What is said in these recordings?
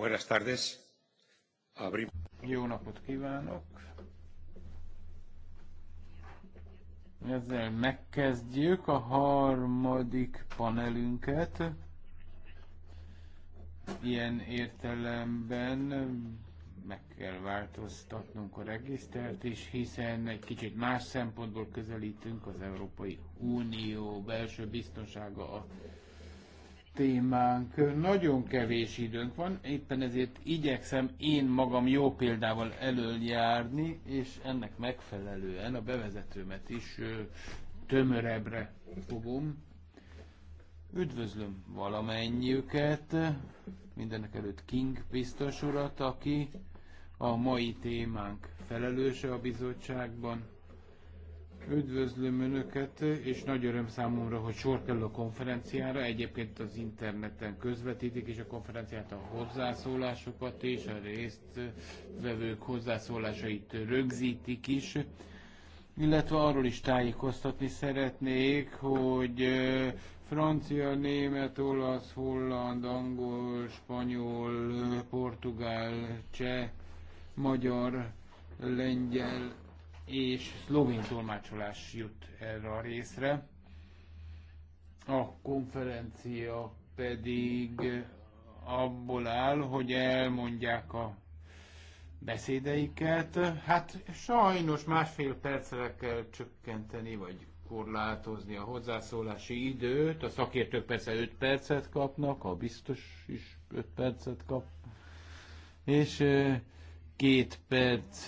Buenas tardes. Abrim. Jó napot kívánok. Ezzel megkezdjük a harmadik panelünket. Ilyen értelemben meg kell változtatnunk a regisztert is, hiszen egy kicsit más szempontból közelítünk az Európai Unió belső biztonsága a témánk. Nagyon kevés időnk van, éppen ezért igyekszem én magam jó példával előjárni és ennek megfelelően a bevezetőmet is tömörebbre fogom. Üdvözlöm valamennyiüket, mindenek előtt King biztos urat, aki a mai témánk felelőse a bizottságban, Üdvözlöm Önöket, és nagy öröm számomra, hogy sor kerül a konferenciára. Egyébként az interneten közvetítik és a konferenciát, a hozzászólásokat és a résztvevők hozzászólásait rögzítik is. Illetve arról is tájékoztatni szeretnék, hogy francia, német, olasz, holland, angol, spanyol, portugál, cseh, magyar, lengyel, és szlovén tolmácsolás jut erre a részre. A konferencia pedig abból áll, hogy elmondják a beszédeiket. Hát sajnos másfél percre kell csökkenteni, vagy korlátozni a hozzászólási időt. A szakértők persze 5 percet kapnak, a biztos is 5 percet kap. És két perc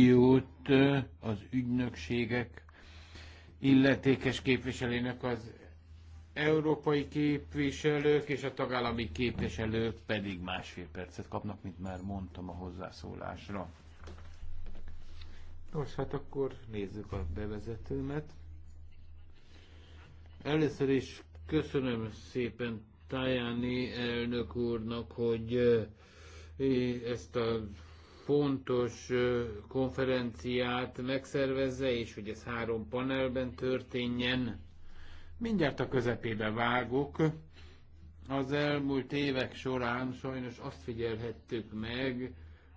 jut az ügynökségek illetékes képviselőnek az európai képviselők és a tagállami képviselők pedig másfél percet kapnak, mint már mondtam a hozzászólásra. Nos, hát akkor nézzük a bevezetőmet. Először is köszönöm szépen Tajani elnök úrnak, hogy ezt a fontos konferenciát megszervezze, és hogy ez három panelben történjen. Mindjárt a közepébe vágok. Az elmúlt évek során sajnos azt figyelhettük meg,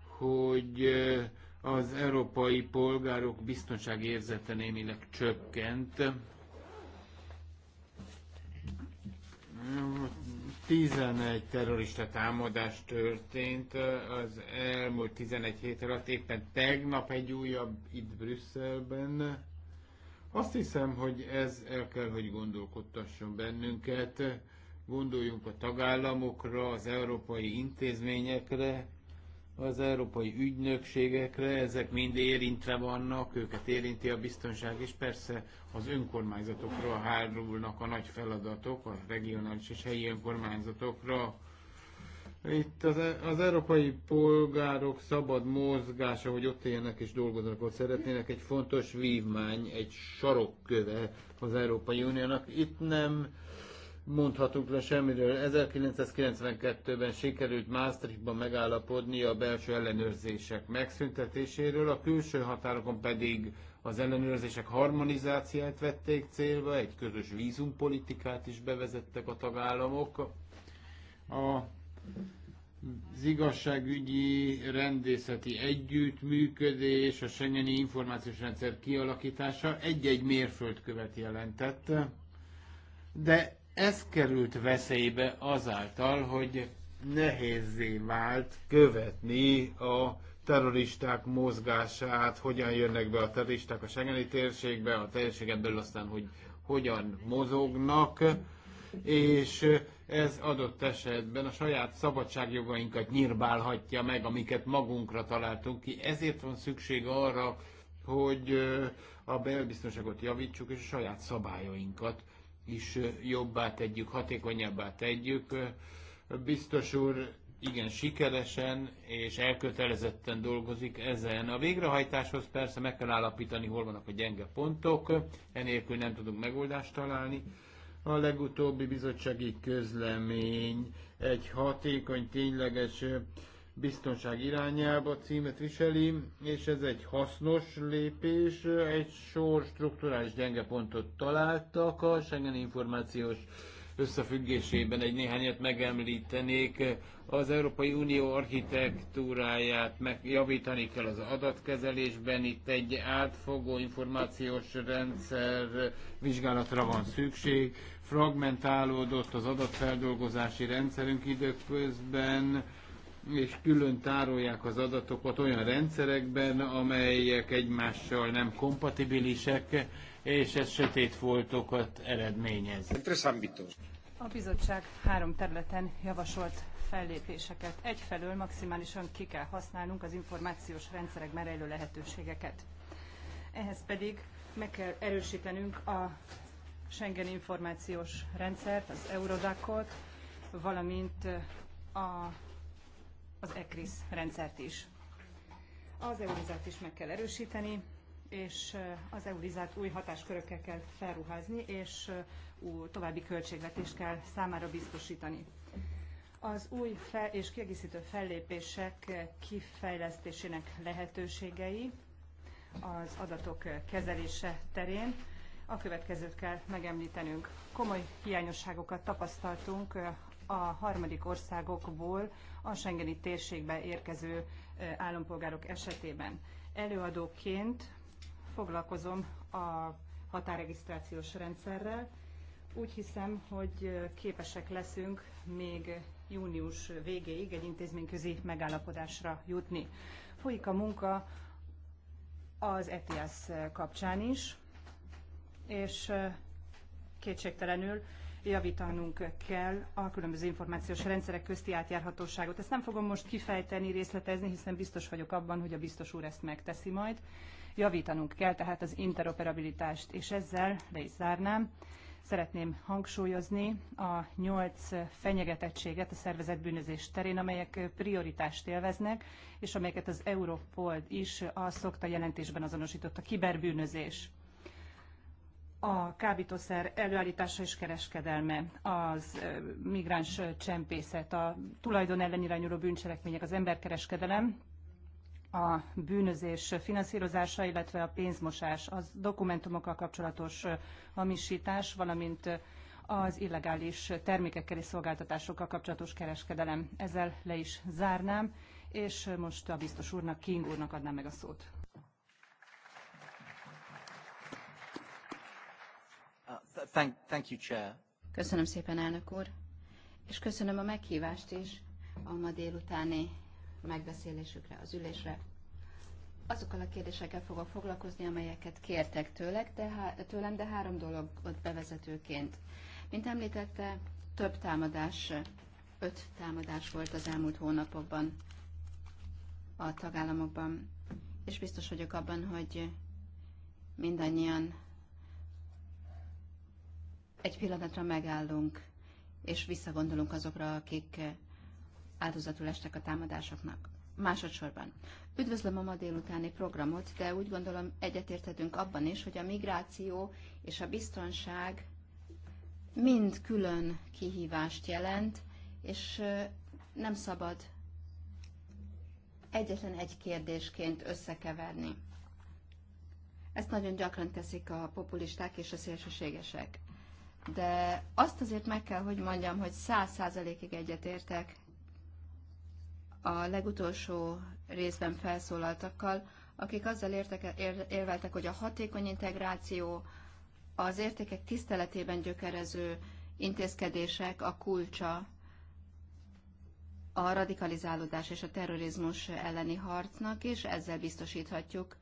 hogy az európai polgárok biztonságérzete némileg csökkent 11 terrorista támadás történt az elmúlt 11 hét alatt, éppen tegnap egy újabb itt Brüsszelben. Azt hiszem, hogy ez el kell, hogy gondolkodtasson bennünket. Gondoljunk a tagállamokra, az európai intézményekre, az európai ügynökségekre, ezek mind érintve vannak, őket érinti a biztonság, és persze az önkormányzatokra hárulnak a nagy feladatok, a regionális és helyi önkormányzatokra. Itt az, e- az európai polgárok szabad mozgása, hogy ott élnek és dolgoznak, ott szeretnének, egy fontos vívmány, egy sarokköve az Európai Uniónak. Itt nem mondhatunk le semmiről. 1992-ben sikerült Maastrichtban megállapodni a belső ellenőrzések megszüntetéséről, a külső határokon pedig az ellenőrzések harmonizációját vették célba, egy közös vízumpolitikát is bevezettek a tagállamok. A az igazságügyi rendészeti együttműködés, a Schengeni információs rendszer kialakítása egy-egy mérföldkövet jelentett, de ez került veszélybe azáltal, hogy nehézé vált követni a terroristák mozgását, hogyan jönnek be a terroristák a Schengeni térségbe, a térségen belül aztán, hogy hogyan mozognak, és ez adott esetben a saját szabadságjogainkat nyírbálhatja meg, amiket magunkra találtunk ki. Ezért van szükség arra, hogy a belbiztonságot javítsuk, és a saját szabályainkat is jobbá tegyük, hatékonyabbá tegyük. Biztos úr igen sikeresen és elkötelezetten dolgozik ezen. A végrehajtáshoz persze meg kell állapítani, hol vannak a gyenge pontok, enélkül nem tudunk megoldást találni. A legutóbbi bizottsági közlemény egy hatékony, tényleges biztonság irányába címet viseli, és ez egy hasznos lépés. Egy sor strukturális gyenge pontot találtak a Schengen információs összefüggésében egy néhányat megemlítenék. Az Európai Unió architektúráját megjavítani kell az adatkezelésben, itt egy átfogó információs rendszer vizsgálatra van szükség. Fragmentálódott az adatfeldolgozási rendszerünk időközben, és külön tárolják az adatokat olyan rendszerekben, amelyek egymással nem kompatibilisek, és ez sötét foltokat eredményez. A bizottság három területen javasolt fellépéseket. Egyfelől maximálisan ki kell használnunk az információs rendszerek merejlő lehetőségeket. Ehhez pedig meg kell erősítenünk a Schengen információs rendszert, az Eurodacot, valamint a az ECRIS rendszert is. Az EURIZÁT is meg kell erősíteni, és eh, az EURIZÁT új hatáskörökkel kell felruházni, és eh, további költségvetést kell számára biztosítani. Az új fel és kiegészítő fellépések kifejlesztésének lehetőségei az adatok kezelése terén a következőt kell megemlítenünk. Komoly hiányosságokat tapasztaltunk eh, a harmadik országokból a Schengeni térségbe érkező állampolgárok esetében. Előadóként foglalkozom a határregisztrációs rendszerrel. Úgy hiszem, hogy képesek leszünk még június végéig egy intézményközi megállapodásra jutni. Folyik a munka az ETIAS kapcsán is, és kétségtelenül javítanunk kell a különböző információs rendszerek közti átjárhatóságot. Ezt nem fogom most kifejteni, részletezni, hiszen biztos vagyok abban, hogy a biztos úr ezt megteszi majd. Javítanunk kell tehát az interoperabilitást, és ezzel le is zárnám. Szeretném hangsúlyozni a nyolc fenyegetettséget a szervezetbűnözés terén, amelyek prioritást élveznek, és amelyeket az Europol is a szokta jelentésben azonosított a kiberbűnözés a kábítószer előállítása és kereskedelme, az migráns csempészet, a tulajdon ellenirányuló bűncselekmények, az emberkereskedelem, a bűnözés finanszírozása, illetve a pénzmosás, az dokumentumokkal kapcsolatos hamisítás, valamint az illegális termékekkel és szolgáltatásokkal kapcsolatos kereskedelem. Ezzel le is zárnám, és most a biztos úrnak, King úrnak adnám meg a szót. Thank, thank you, Chair. Köszönöm szépen, elnök úr, és köszönöm a meghívást is a ma délutáni megbeszélésükre, az ülésre. Azokkal a kérdésekkel fogok foglalkozni, amelyeket kértek tőlek, de há- tőlem, de három dologot bevezetőként. Mint említette, több támadás, öt támadás volt az elmúlt hónapokban a tagállamokban, és biztos vagyok abban, hogy mindannyian egy pillanatra megállunk, és visszagondolunk azokra, akik áldozatul estek a támadásoknak. Másodszorban. Üdvözlöm a ma délutáni programot, de úgy gondolom egyetérthetünk abban is, hogy a migráció és a biztonság mind külön kihívást jelent, és nem szabad egyetlen egy kérdésként összekeverni. Ezt nagyon gyakran teszik a populisták és a szélsőségesek de azt azért meg kell, hogy mondjam, hogy száz százalékig egyetértek a legutolsó részben felszólaltakkal, akik azzal értek, ér, érveltek, hogy a hatékony integráció, az értékek tiszteletében gyökerező intézkedések a kulcsa a radikalizálódás és a terrorizmus elleni harcnak, és ezzel biztosíthatjuk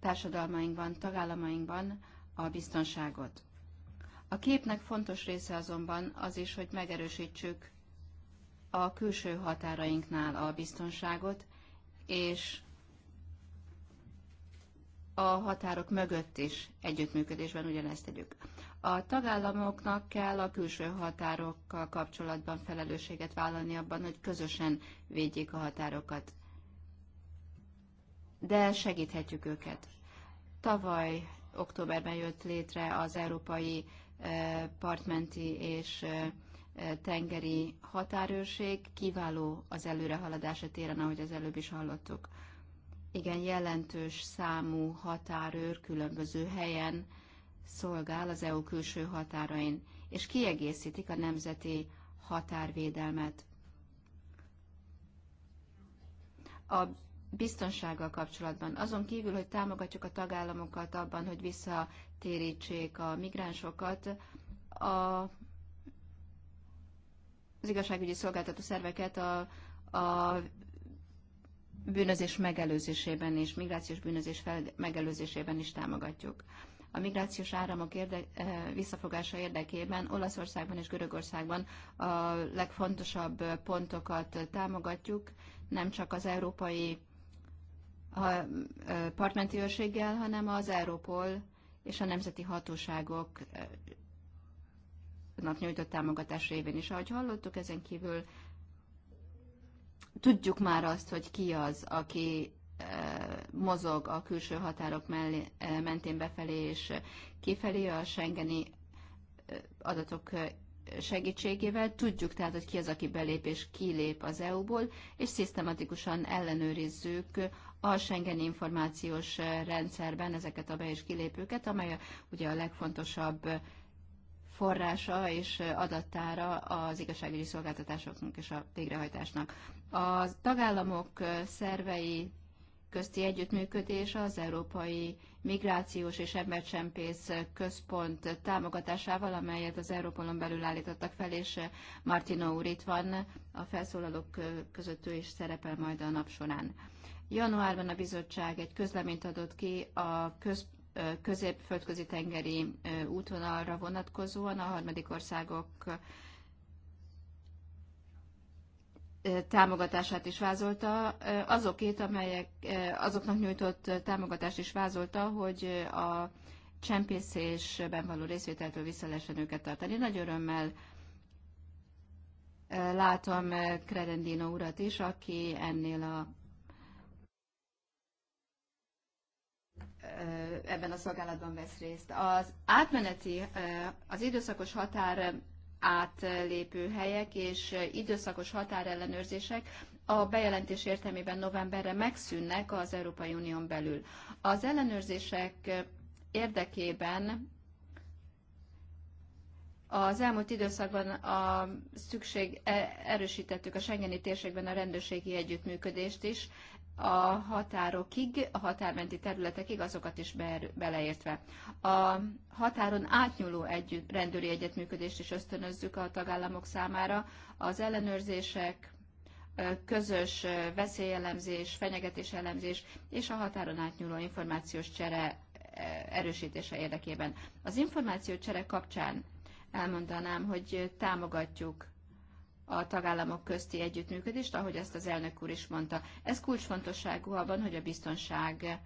társadalmainkban, tagállamainkban a biztonságot. A képnek fontos része azonban az is, hogy megerősítsük a külső határainknál a biztonságot, és a határok mögött is együttműködésben ugyanezt tegyük. A tagállamoknak kell a külső határokkal kapcsolatban felelősséget vállalni abban, hogy közösen védjék a határokat. De segíthetjük őket. Tavaly októberben jött létre az Európai partmenti és tengeri határőrség kiváló az előrehaladás a téren, ahogy az előbb is hallottuk. Igen, jelentős számú határőr különböző helyen szolgál az EU külső határain, és kiegészítik a nemzeti határvédelmet. A biztonsággal kapcsolatban. Azon kívül, hogy támogatjuk a tagállamokat abban, hogy vissza térítsék a migránsokat. A, az igazságügyi szolgáltató szerveket a, a bűnözés megelőzésében és migrációs bűnözés fel, megelőzésében is támogatjuk. A migrációs áramok érde, eh, visszafogása érdekében Olaszországban és Görögországban a legfontosabb pontokat támogatjuk, nem csak az európai eh, partmenti őrséggel, hanem az Európol és a nemzeti hatóságoknak eh, nyújtott támogatás révén is. Ahogy hallottuk, ezen kívül tudjuk már azt, hogy ki az, aki eh, mozog a külső határok mellé, eh, mentén befelé és kifelé a Schengeni adatok segítségével tudjuk tehát, hogy ki az, aki belép és kilép az EU-ból, és szisztematikusan ellenőrizzük a Schengen információs rendszerben ezeket a be- és kilépőket, amely ugye a legfontosabb forrása és adattára az igazságügyi szolgáltatásoknak és a végrehajtásnak. A tagállamok szervei közti együttműködés az Európai Migrációs és Embercsempész Központ támogatásával, amelyet az Európolon belül állítottak fel, és Martino úr itt van, a felszólalók között ő is szerepel majd a nap során. Januárban a bizottság egy közleményt adott ki a köz, közép-földközi tengeri útvonalra vonatkozóan a harmadik országok támogatását is vázolta, azokét, amelyek azoknak nyújtott támogatást is vázolta, hogy a csempészésben való részvételtől vissza lehessen őket tartani. Nagy örömmel látom Credendino urat is, aki ennél a ebben a szolgálatban vesz részt. Az átmeneti, az időszakos határ átlépő helyek és időszakos határellenőrzések a bejelentés értelmében novemberre megszűnnek az Európai Unión belül. Az ellenőrzések érdekében az elmúlt időszakban a szükség e, erősítettük a Schengeni térségben a rendőrségi együttműködést is, a határokig, a határmenti területekig, azokat is be, beleértve. A határon átnyúló együtt, rendőri együttműködést is ösztönözzük a tagállamok számára. Az ellenőrzések, közös veszélyelemzés, elemzés és a határon átnyúló információs csere erősítése érdekében. Az információ csere kapcsán elmondanám, hogy támogatjuk a tagállamok közti együttműködést, ahogy ezt az elnök úr is mondta. Ez kulcsfontosságú abban, hogy a biztonság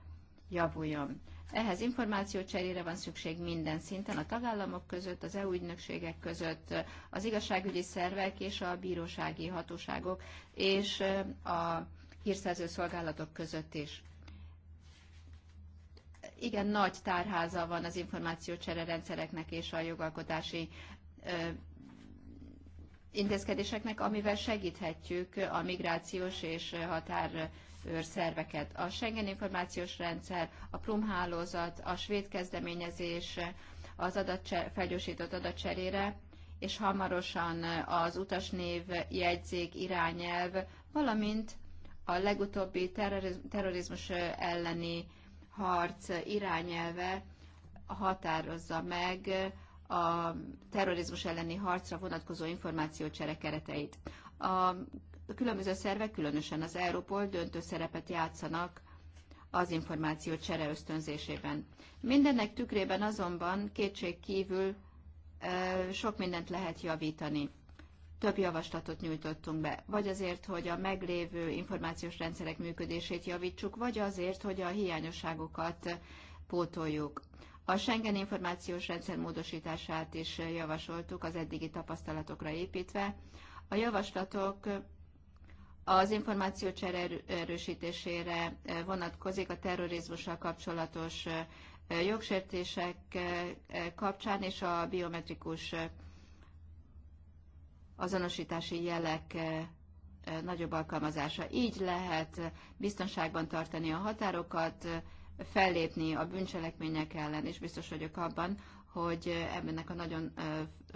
javuljon. Ehhez információcserére van szükség minden szinten, a tagállamok között, az EU ügynökségek között, az igazságügyi szervek és a bírósági hatóságok és a hírszerző szolgálatok között is. Igen, nagy tárháza van az információcsere rendszereknek és a jogalkotási intézkedéseknek, amivel segíthetjük a migrációs és határ őrszerveket. A Schengen információs rendszer, a Prum hálózat, a svéd kezdeményezés az adatcser, felgyorsított adatcserére, és hamarosan az utasnév jegyzék irányelv, valamint a legutóbbi terrorizmus elleni harc irányelve határozza meg a terrorizmus elleni harcra vonatkozó információcsere kereteit. A különböző szervek, különösen az Európol döntő szerepet játszanak az információ csere ösztönzésében. Mindennek tükrében azonban kétség kívül sok mindent lehet javítani. Több javaslatot nyújtottunk be, vagy azért, hogy a meglévő információs rendszerek működését javítsuk, vagy azért, hogy a hiányosságokat pótoljuk. A Schengen információs rendszer módosítását is javasoltuk az eddigi tapasztalatokra építve. A javaslatok az információcsere erősítésére vonatkozik a terrorizmussal kapcsolatos jogsértések kapcsán és a biometrikus azonosítási jelek nagyobb alkalmazása. Így lehet biztonságban tartani a határokat, fellépni a bűncselekmények ellen, és biztos vagyok abban, hogy ebben a nagyon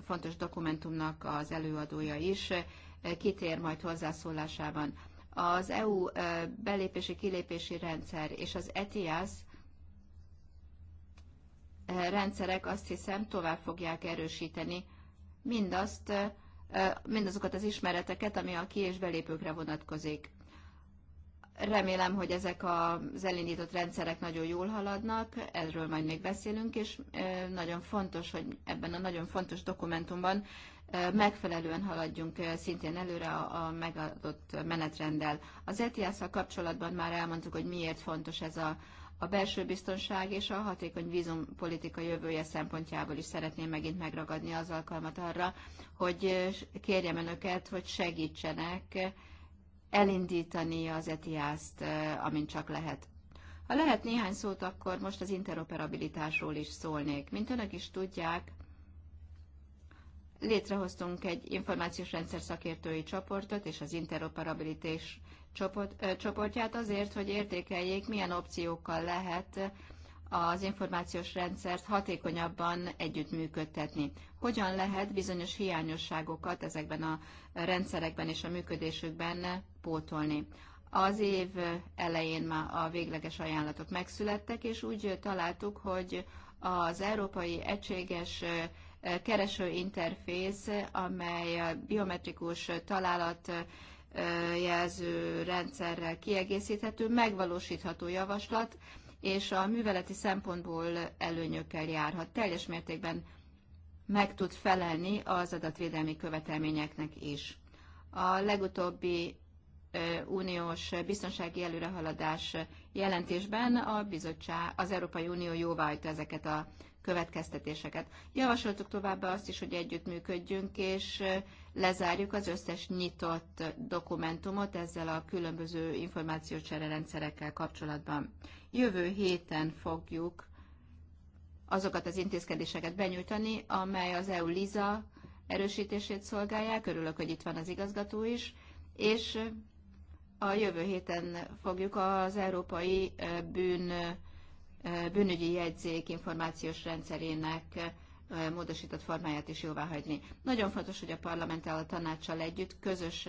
fontos dokumentumnak az előadója is kitér majd hozzászólásában. Az EU belépési-kilépési rendszer és az ETIAS rendszerek azt hiszem tovább fogják erősíteni mindazt, mindazokat az ismereteket, ami a ki- és belépőkre vonatkozik. Remélem, hogy ezek az elindított rendszerek nagyon jól haladnak, erről majd még beszélünk, és nagyon fontos, hogy ebben a nagyon fontos dokumentumban megfelelően haladjunk szintén előre a megadott menetrenddel. Az ets kapcsolatban már elmondtuk, hogy miért fontos ez a, a belső biztonság és a hatékony vízumpolitika jövője szempontjából is szeretném megint megragadni az alkalmat arra, hogy kérjem önöket, hogy segítsenek elindítani az ETIAS-t, amint csak lehet. Ha lehet néhány szót, akkor most az interoperabilitásról is szólnék. Mint önök is tudják, létrehoztunk egy információs rendszer szakértői csoportot és az interoperabilitás csoport, csoportját azért, hogy értékeljék, milyen opciókkal lehet az információs rendszert hatékonyabban együttműködtetni hogyan lehet bizonyos hiányosságokat ezekben a rendszerekben és a működésükben pótolni. Az év elején már a végleges ajánlatok megszülettek, és úgy találtuk, hogy az Európai Egységes kereső interfész, amely a biometrikus találat jelző rendszerrel kiegészíthető, megvalósítható javaslat, és a műveleti szempontból előnyökkel járhat. Teljes mértékben meg tud felelni az adatvédelmi követelményeknek is. A legutóbbi uniós biztonsági előrehaladás jelentésben a bizottság, az Európai Unió jóváhagyta ezeket a következtetéseket. Javasoltuk továbbá azt is, hogy együttműködjünk, és lezárjuk az összes nyitott dokumentumot ezzel a különböző információcsere rendszerekkel kapcsolatban. Jövő héten fogjuk azokat az intézkedéseket benyújtani, amely az EU-LISA erősítését szolgálják. Örülök, hogy itt van az igazgató is, és a jövő héten fogjuk az Európai Bűn, Bűnügyi Jegyzék információs rendszerének módosított formáját is jóváhagyni. Nagyon fontos, hogy a parlamenttel, a tanácssal együtt közös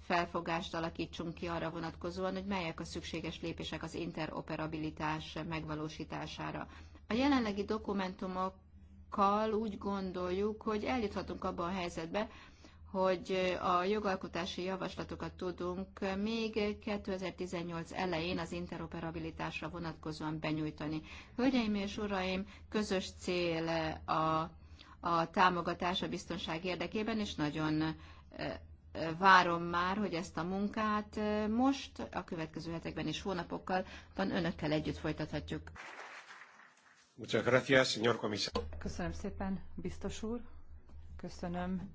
felfogást alakítsunk ki arra vonatkozóan, hogy melyek a szükséges lépések az interoperabilitás megvalósítására. A jelenlegi dokumentumokkal úgy gondoljuk, hogy eljuthatunk abba a helyzetbe, hogy a jogalkotási javaslatokat tudunk még 2018 elején az interoperabilitásra vonatkozóan benyújtani. Hölgyeim és uraim, közös cél a, a támogatás a biztonság érdekében, és nagyon e, e, várom már, hogy ezt a munkát e, most, a következő hetekben és hónapokkal van önökkel együtt folytathatjuk. Muchas gracias, señor comisario. Köszönöm szépen, biztos úr. Köszönöm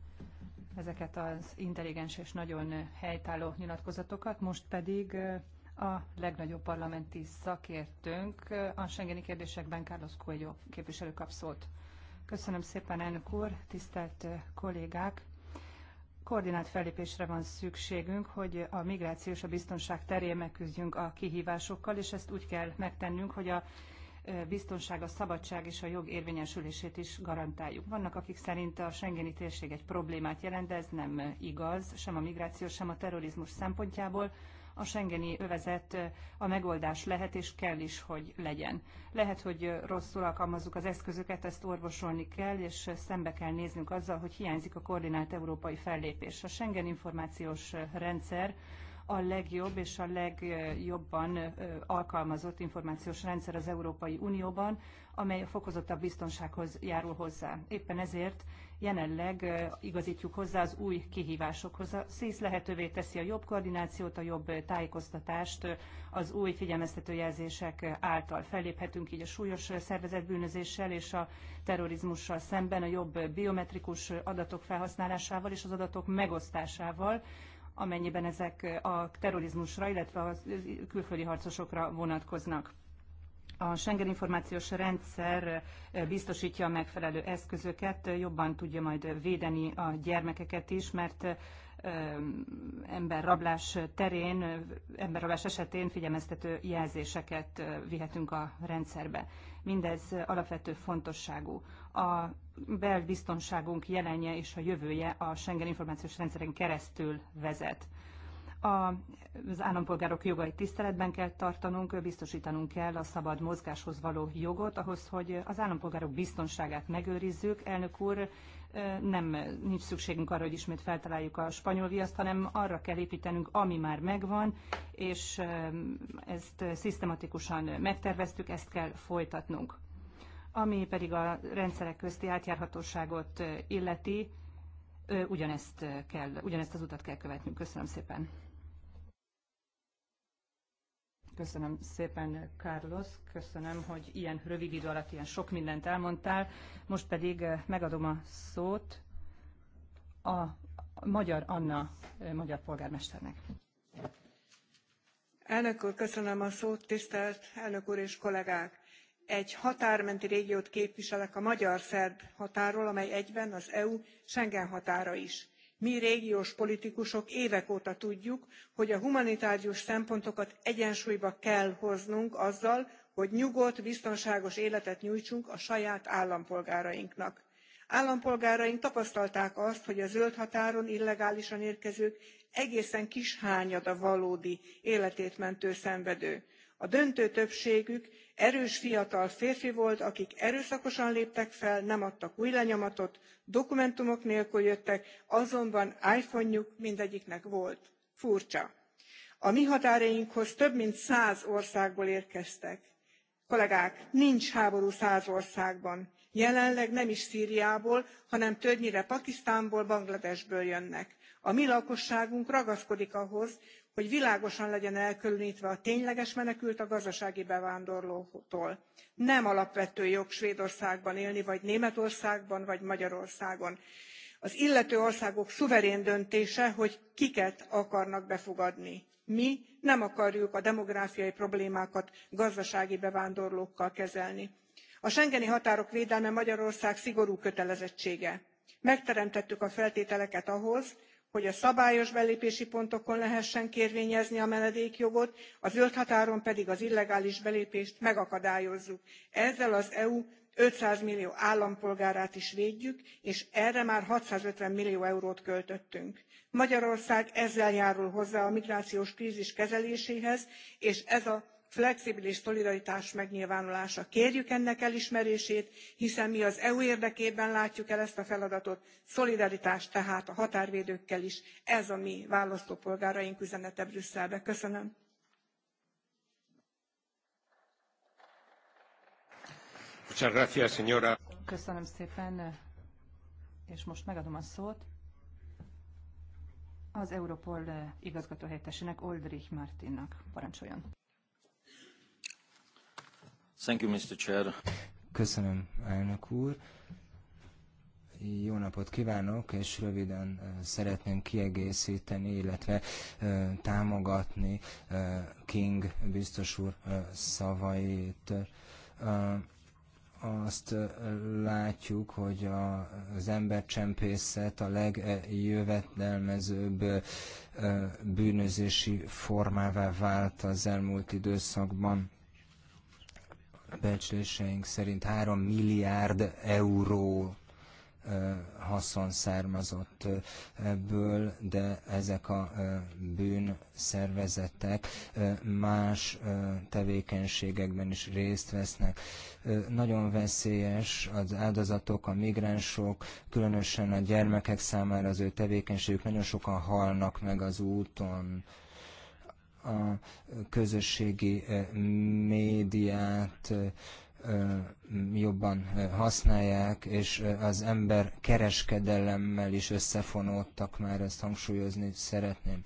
ezeket az intelligens és nagyon helytálló nyilatkozatokat. Most pedig eh, a legnagyobb parlamenti szakértőnk eh, a Schengeni kérdésekben Carlos Coelho képviselő kap szót. Köszönöm szépen, elnök úr, tisztelt eh, kollégák! Koordinált fellépésre van szükségünk, hogy a migráció és a biztonság terén megküzdjünk a kihívásokkal, és ezt úgy kell megtennünk, hogy a biztonság, a szabadság és a jog érvényesülését is garantáljuk. Vannak, akik szerint a Schengeni térség egy problémát jelent, de ez nem igaz, sem a migráció, sem a terrorizmus szempontjából. A Schengeni övezet a megoldás lehet és kell is, hogy legyen. Lehet, hogy rosszul alkalmazzuk az eszközöket, ezt orvosolni kell, és szembe kell néznünk azzal, hogy hiányzik a koordinált európai fellépés. A Schengen információs rendszer a legjobb és a legjobban alkalmazott információs rendszer az Európai Unióban, amely a fokozottabb biztonsághoz járul hozzá. Éppen ezért jelenleg igazítjuk hozzá az új kihívásokhoz. A SZISZ lehetővé teszi a jobb koordinációt, a jobb tájékoztatást az új figyelmeztetőjelzések által. Felléphetünk így a súlyos szervezetbűnözéssel és a terrorizmussal szemben a jobb biometrikus adatok felhasználásával és az adatok megosztásával, amennyiben ezek a terrorizmusra, illetve a külföldi harcosokra vonatkoznak. A Schengen információs rendszer biztosítja a megfelelő eszközöket, jobban tudja majd védeni a gyermekeket is, mert emberrablás terén, emberrablás esetén figyelmeztető jelzéseket vihetünk a rendszerbe. Mindez alapvető fontosságú. A belbiztonságunk jelenje és a jövője a Schengen információs rendszeren keresztül vezet. A, az állampolgárok jogait tiszteletben kell tartanunk, biztosítanunk kell a szabad mozgáshoz való jogot, ahhoz, hogy az állampolgárok biztonságát megőrizzük. Elnök úr, nem nincs szükségünk arra, hogy ismét feltaláljuk a spanyol viaszt, hanem arra kell építenünk, ami már megvan, és ezt szisztematikusan megterveztük, ezt kell folytatnunk. Ami pedig a rendszerek közti átjárhatóságot illeti, ugyanezt, kell, ugyanezt az utat kell követnünk. Köszönöm szépen. Köszönöm szépen, Carlos, köszönöm, hogy ilyen rövid idő alatt ilyen sok mindent elmondtál. Most pedig eh, megadom a szót a magyar Anna eh, magyar polgármesternek. Elnök úr, köszönöm a szót, tisztelt elnök úr és kollégák! Egy határmenti régiót képviselek a magyar-szerb határól, amely egyben az EU Schengen határa is mi régiós politikusok évek óta tudjuk hogy a humanitárius szempontokat egyensúlyba kell hoznunk azzal hogy nyugodt biztonságos életet nyújtsunk a saját állampolgárainknak. állampolgáraink tapasztalták azt hogy a zöld határon illegálisan érkezők egészen kis hányada valódi életét mentő szenvedő. a döntő többségük erős fiatal férfi volt akik erőszakosan léptek fel nem adtak új lenyomatot dokumentumok nélkül jöttek azonban iphone juk mindegyiknek volt. furcsa. a mi határainkhoz több mint száz országból érkeztek. kollegák nincs háború száz országban jelenleg nem is szriából hanem többnyire pakisztánból bangladesből jönnek. a mi lakosságunk ragaszkodik ahhoz hogy világosan legyen elkülöntve a tényleges menekült a gazdasági bevándorlótól. nem alapvető jog svédországban élni vagy németországban vagy magyarországon. az illető országok szuverén döntése hogy kiket akarnak befogadni. mi nem akarjuk a demográfiai problémákat gazdasági bevándorlókkal kezelni. a schengeni határok védelme magyarország szigorú kötelezettsége. megteremtettük a feltételeket ahhoz hogy a szabályos belépési pontokon lehessen kérvényezni a menedékjogot a zöld határon pedig az illegális belépést megakadályozzuk. ezzel az eu five hundred millió állampolgárát is védjük és erre már six hundred and fifty millió eurót költöttünk. magyarország ezzel járul hozzá a migrációs krzis kezeléséhez és ez a flexibilis szolidaritás megnyilvánulása. kérjük ennek elismerését hiszen mi az eu érdekében látjuk el ezt a feladatot szolidaritás tehát a határvédőkkel is ez a mi választópolgáraink üzenete brüsszelbe. köszönöm. Köszönöm szépen, és most megadom a szót az Europol igazgatóhelyettesének Oldrich Martinnak. Parancsoljon! Thank you, Mr. Chair. Köszönöm, elnök úr. Jó napot kívánok, és röviden eh, szeretném kiegészíteni, illetve eh, támogatni eh, King biztos úr szavait azt látjuk, hogy a, az embercsempészet a legjövetelmezőbb bűnözési formává vált az elmúlt időszakban becsléseink szerint 3 milliárd euró haszon származott ebből, de ezek a bűnszervezetek más tevékenységekben is részt vesznek. Nagyon veszélyes az áldozatok, a migránsok, különösen a gyermekek számára az ő tevékenységük, nagyon sokan halnak meg az úton, a közösségi eh, médiát eh, eh, jobban használják, és az ember kereskedelemmel is összefonódtak már, ezt hangsúlyozni szeretném.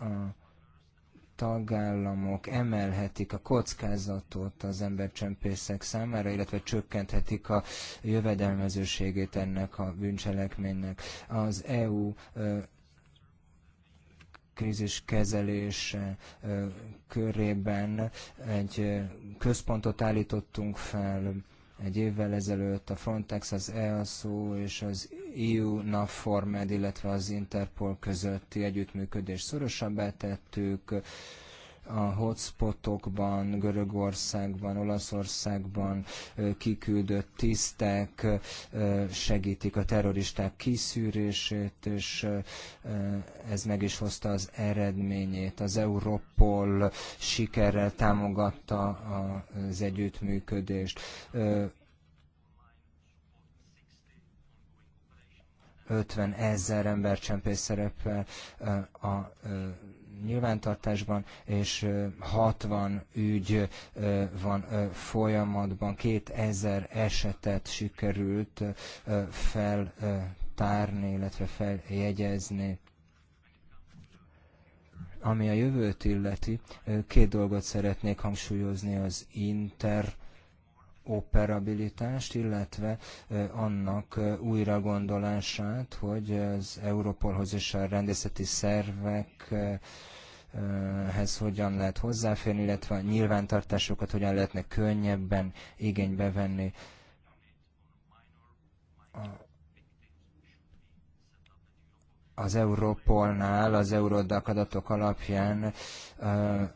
A tagállamok emelhetik a kockázatot az embercsempészek számára, illetve csökkenthetik a jövedelmezőségét ennek a bűncselekménynek. Az EU kríziskezelés körében egy központot állítottunk fel egy évvel ezelőtt a Frontex, az EASO és az EU NAFORMED, illetve az Interpol közötti együttműködés szorosabbá tettük, a hotspotokban, Görögországban, Olaszországban kiküldött tisztek segítik a terroristák kiszűrését, és ez meg is hozta az eredményét. Az Europol sikerrel támogatta az együttműködést. 50 ezer embercsempész szerepel a nyilvántartásban, és 60 ügy van folyamatban, 2000 esetet sikerült feltárni, illetve feljegyezni. Ami a jövőt illeti, két dolgot szeretnék hangsúlyozni az Inter interoperabilitást, illetve annak újra gondolását, hogy az Europolhoz és a rendészeti szervekhez hogyan lehet hozzáférni, illetve a nyilvántartásokat hogyan lehetne könnyebben igénybe venni. az Európolnál, az Eurodac adatok alapján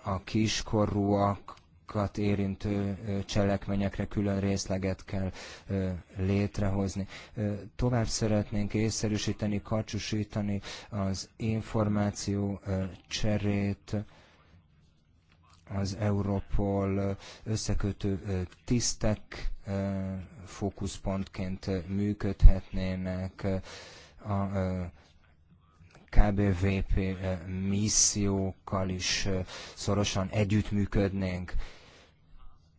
a kiskorúak kat érintő cselekményekre külön részleget kell létrehozni. Tovább szeretnénk észszerűsíteni, kacsusítani az információ cserét, az Europol összekötő tisztek fókuszpontként működhetnének, a KBVP missziókkal is szorosan együttműködnénk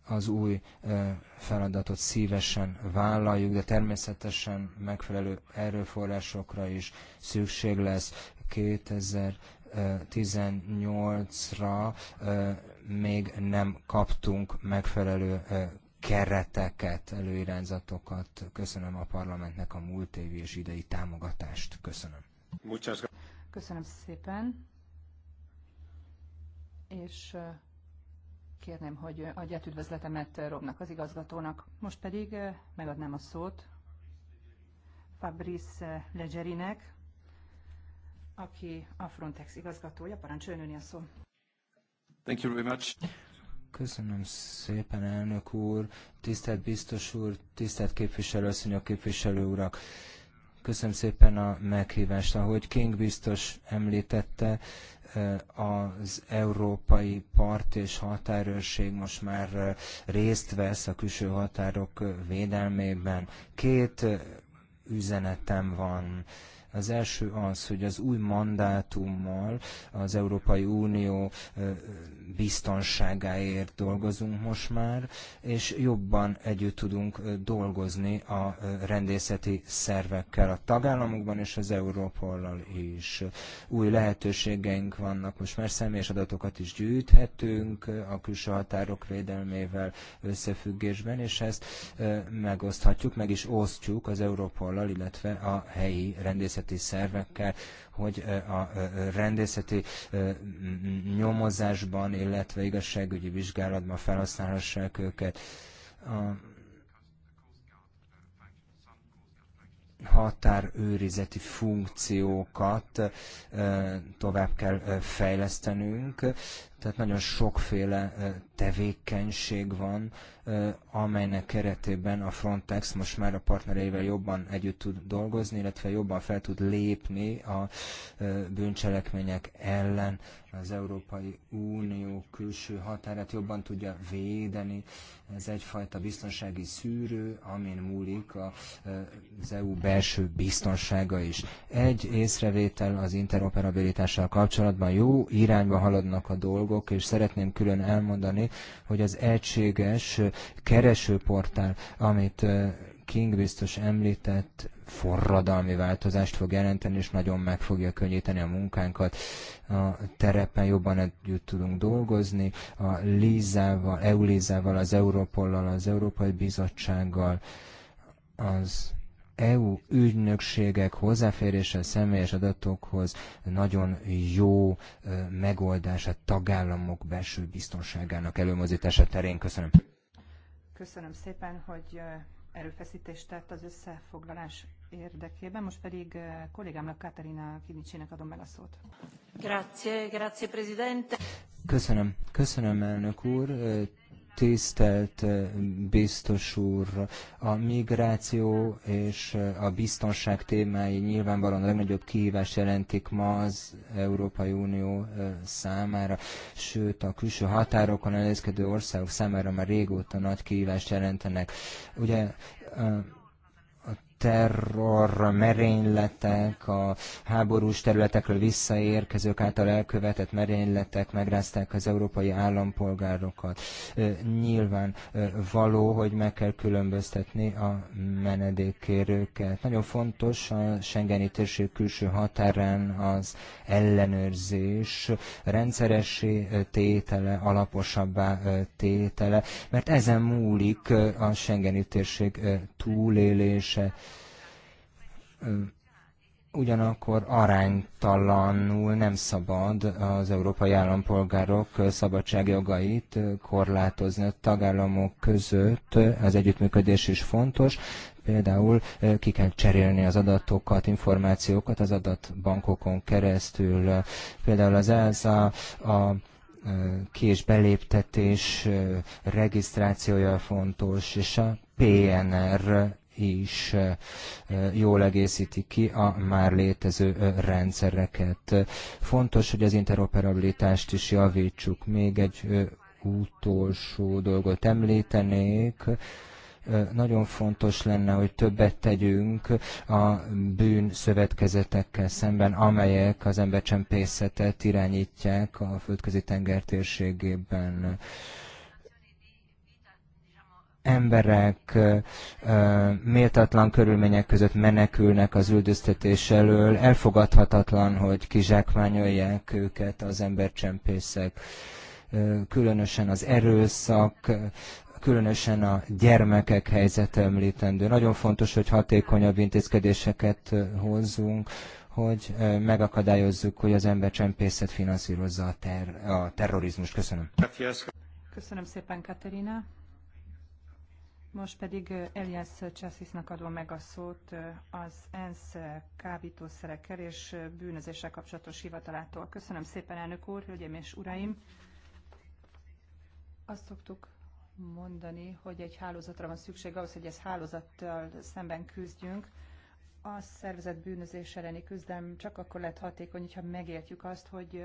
az új feladatot szívesen vállaljuk, de természetesen megfelelő erőforrásokra is szükség lesz. 2018-ra még nem kaptunk megfelelő kereteket, előirányzatokat. Köszönöm a parlamentnek a múlt évi és idei támogatást. Köszönöm. Köszönöm szépen. És kérném, hogy adját üdvözletemet Robnak, az igazgatónak. Most pedig eh, megadnám a szót Fabrice Legerinek, aki a Frontex igazgatója. Parancsoljon önni a szó. Thank you very much. Köszönöm szépen, elnök úr, tisztelt biztos úr, tisztelt képviselő, asszonyok, képviselő urak. Köszönöm szépen a meghívást. Ahogy King biztos említette, Eh, az Európai Part és Határőrség most már eh, részt vesz a külső határok eh, védelmében. Két üzenetem van az első az, hogy az új mandátummal az Európai Unió biztonságáért dolgozunk most már, és jobban együtt tudunk dolgozni a rendészeti szervekkel a tagállamokban és az Európollal is. Új lehetőségeink vannak, most már személyes adatokat is gyűjthetünk a külső határok védelmével összefüggésben, és ezt megoszthatjuk, meg is osztjuk az Európollal, illetve a helyi rendészeti rendészeti szervekkel, hogy a rendészeti nyomozásban, illetve igazságügyi vizsgálatban felhasználhassák őket. A határőrizeti funkciókat tovább kell fejlesztenünk, tehát nagyon sokféle tevékenység van, amelynek keretében a Frontex most már a partnereivel jobban együtt tud dolgozni, illetve jobban fel tud lépni a bűncselekmények ellen, az Európai Unió külső határát jobban tudja védeni. Ez egyfajta biztonsági szűrő, amin múlik az EU belső biztonsága is. Egy észrevétel az interoperabilitással kapcsolatban jó irányba haladnak a dolgok, dolgok, és szeretném külön elmondani, hogy az egységes keresőportál, amit King biztos említett, forradalmi változást fog jelenteni, és nagyon meg fogja könnyíteni a munkánkat. A terepen jobban együtt tudunk dolgozni, a Lízával, EU-Lízával, az Európollal, az Európai Bizottsággal, az EU ügynökségek hozzáférése személyes adatokhoz nagyon jó megoldás a tagállamok belső biztonságának előmozdítása terén. Köszönöm. Köszönöm szépen, hogy erőfeszítést tett az összefoglalás érdekében. Most pedig kollégámnak, Katarina Kinicsének adom meg a szót. Grazie, grazie, presidente. Köszönöm, köszönöm elnök úr. Tisztelt biztos úr, a migráció és a biztonság témái nyilvánvalóan a legnagyobb kihívást jelentik ma az Európai Unió számára, sőt a külső határokon elhelyezkedő országok számára már régóta nagy kihívást jelentenek. Ugye terror merényletek, a háborús területekről visszaérkezők által elkövetett merényletek megrázták az európai állampolgárokat. Nyilván való, hogy meg kell különböztetni a menedékkérőket. Nagyon fontos a Schengeni térség külső határán az ellenőrzés rendszeressé tétele, alaposabbá tétele, mert ezen múlik a Schengeni térség túlélése ugyanakkor aránytalanul nem szabad az európai állampolgárok szabadságjogait korlátozni a tagállamok között. Az együttműködés is fontos. Például ki kell cserélni az adatokat, információkat az adatbankokon keresztül. Például az ELSA a kés beléptetés regisztrációja fontos, és a PNR is eh, eh, jól egészíti ki a már létező eh, rendszereket. Fontos, hogy az interoperabilitást is javítsuk. Még egy utolsó dolgot említenék, nagyon fontos lenne, hogy többet tegyünk a bűn szövetkezetekkel szemben, amelyek az embercsempészetet irányítják a földközi tenger térségében emberek méltatlan körülmények között menekülnek az üldöztetés elől, elfogadhatatlan, hogy kizsákmányolják őket az embercsempészek, különösen az erőszak, különösen a gyermekek helyzete említendő. Nagyon fontos, hogy hatékonyabb intézkedéseket hozzunk, hogy megakadályozzuk, hogy az embercsempészet finanszírozza a, ter- a terrorizmust. Köszönöm. Köszönöm szépen, Katerina. Most pedig Elias Császisnak adom meg a szót az ENSZ kábítószerekkel és bűnözéssel kapcsolatos hivatalától. Köszönöm szépen, elnök úr, hölgyeim és uraim! Azt szoktuk mondani, hogy egy hálózatra van szükség ahhoz, hogy ez hálózattal szemben küzdjünk. A szervezet bűnözés elleni küzdelem csak akkor lehet hatékony, hogyha megértjük azt, hogy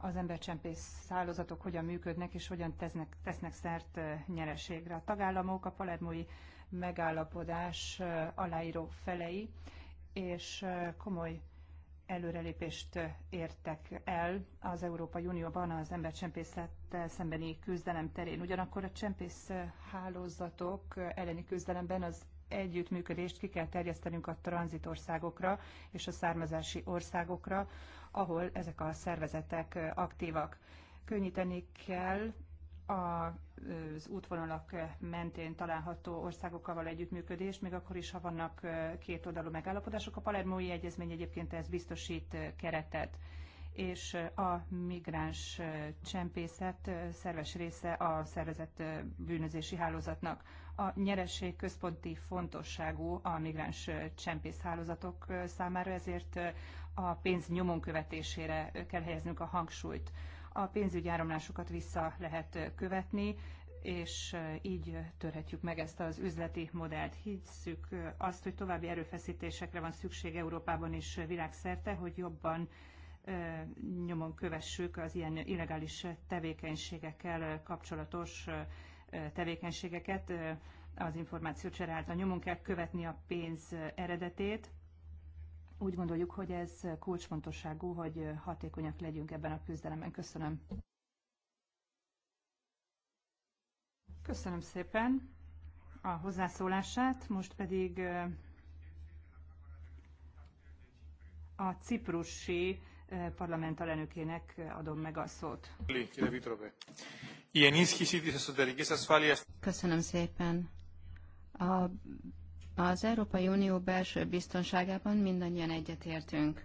az embercsempész hálózatok hogyan működnek és hogyan tesznek, tesznek szert nyereségre. A tagállamok a palermói megállapodás aláíró felei, és komoly előrelépést értek el az Európai Unióban az embercsempészettel szembeni küzdelem terén. Ugyanakkor a csempész hálózatok elleni küzdelemben az együttműködést ki kell terjesztenünk a tranzitországokra és a származási országokra, ahol ezek a szervezetek aktívak. Könnyíteni kell az útvonalak mentén található országokkal való együttműködés, még akkor is, ha vannak két oldalú megállapodások. A Palermói Egyezmény egyébként ez biztosít keretet és a migráns csempészet szerves része a szervezett bűnözési hálózatnak. A nyeresség központi fontosságú a migráns csempész hálózatok számára, ezért a pénz nyomon követésére kell helyeznünk a hangsúlyt. A pénzügyi áramlásokat vissza lehet követni, és így törhetjük meg ezt az üzleti modellt. Hisszük azt, hogy további erőfeszítésekre van szükség Európában és világszerte, hogy jobban nyomon kövessük az ilyen illegális tevékenységekkel kapcsolatos tevékenységeket. Az információcsere a nyomon kell követni a pénz eredetét. Úgy gondoljuk, hogy ez kulcsfontosságú, hogy hatékonyak legyünk ebben a küzdelemben. Köszönöm. Köszönöm szépen a hozzászólását, most pedig a ciprusi parlament alelnökének adom meg a szót. Köszönöm szépen. A, az Európai Unió belső biztonságában mindannyian egyetértünk.